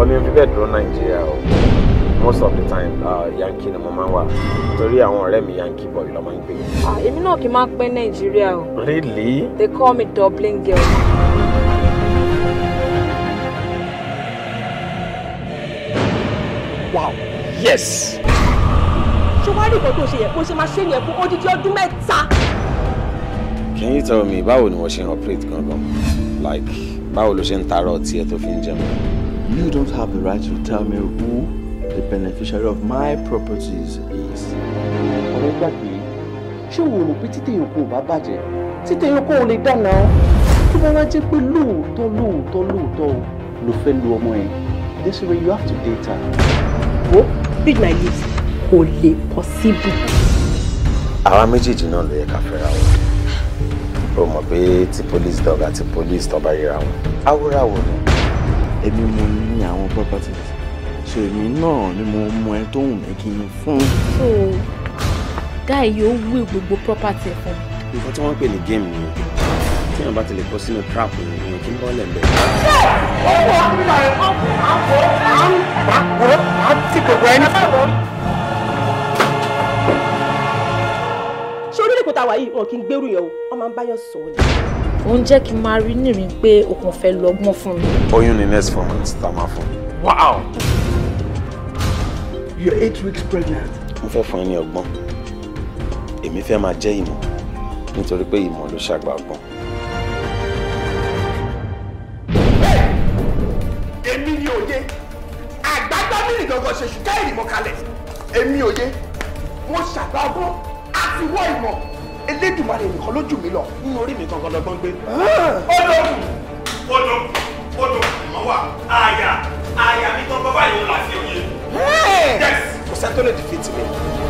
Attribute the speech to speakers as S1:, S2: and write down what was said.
S1: ọ̀nà ìfi bẹ́ẹ̀ dúró nàìjíríà o most of the time yankee ni mo máa ń wà torí àwọn ọ̀rẹ́ mi yankee boy ló máa ń gbé. èmi náà kì í máa pẹ́ nàìjíríà o. really. they call me Dublin girl. wow yes. ṣé wàá rí nǹkan tó ṣe yẹ kó ṣe máa ṣe yẹn fún odidi ọdún mẹ́ta. can you tell me báwo ni wọ́n ṣe ń operate gangan like báwo ló ṣe ń taarọ̀ tí ẹ tó fi ń jẹun. You don't have the right to tell me who the beneficiary of my properties is. Ọ̀rẹ́ gbàgbé, ṣé wo rò pé títẹ̀yàn kò bá bàjẹ́? Títẹ̀yàn kò lè dànà ọ́. Tó bá wá jẹ́ pé lóòótọ́ lóòótọ́ lóòótọ́ ló fẹ́ lu ọmọ ẹ̀. This way you have to date her. Wo read my lips kò lè possible. Àwa méjèèjì náà ló yẹ ká fẹ́ra wọn. O mọ̀ pé ti police dog àti police tọ́ bá yẹra wọn. Awúráwọ̀ ni èmi mo ní àwọn properties so èmi náà ni mo mọ ẹ tó wù mí kí n fún. guy yóò wí gbogbo property fún mi. nǹkan tí wọ́n ń pè ní game ni tí wọ́n bá ti lè sínú trap ni kí n bọ́ lẹ̀ bẹ́ẹ̀. ṣé ọ̀pọ̀ àkùnrin àkùnrin àkùnrin. tá yìí wọn kì í gbèrú yẹn o wọn máa ń báyọ̀ sọ ni. ó ń jẹ́ kí n máa rí nírìn pé o fẹ́ lọ́gbọ́n fún mi. oyún ni next four months tá a máa fún. wow you're eight weeks pregnant. mo fẹ́ fún ẹ ní ọgbọ́n èmi fẹ́ máa jẹ́ ìmọ̀ nítorí pé ìmọ̀ ló ṣàgbà ọgbọ́n. èmi ni òye àgbàgbọ́ mi nìgangan ṣe ṣùgbọ́n ìrìmọ̀ kalẹ̀ èmi òye mo ṣàgbà ọgbọ́n àti wọ́ ìmọ̀. Elédùmarè nìkan ló jù mí lọ. n orí mi kankan lọ́gbọ́n gbé. Ah! odò odò odò mọ wa àyà àyà mi kan bàbá yìí ń la fi òye. kò sẹ́ni tó lè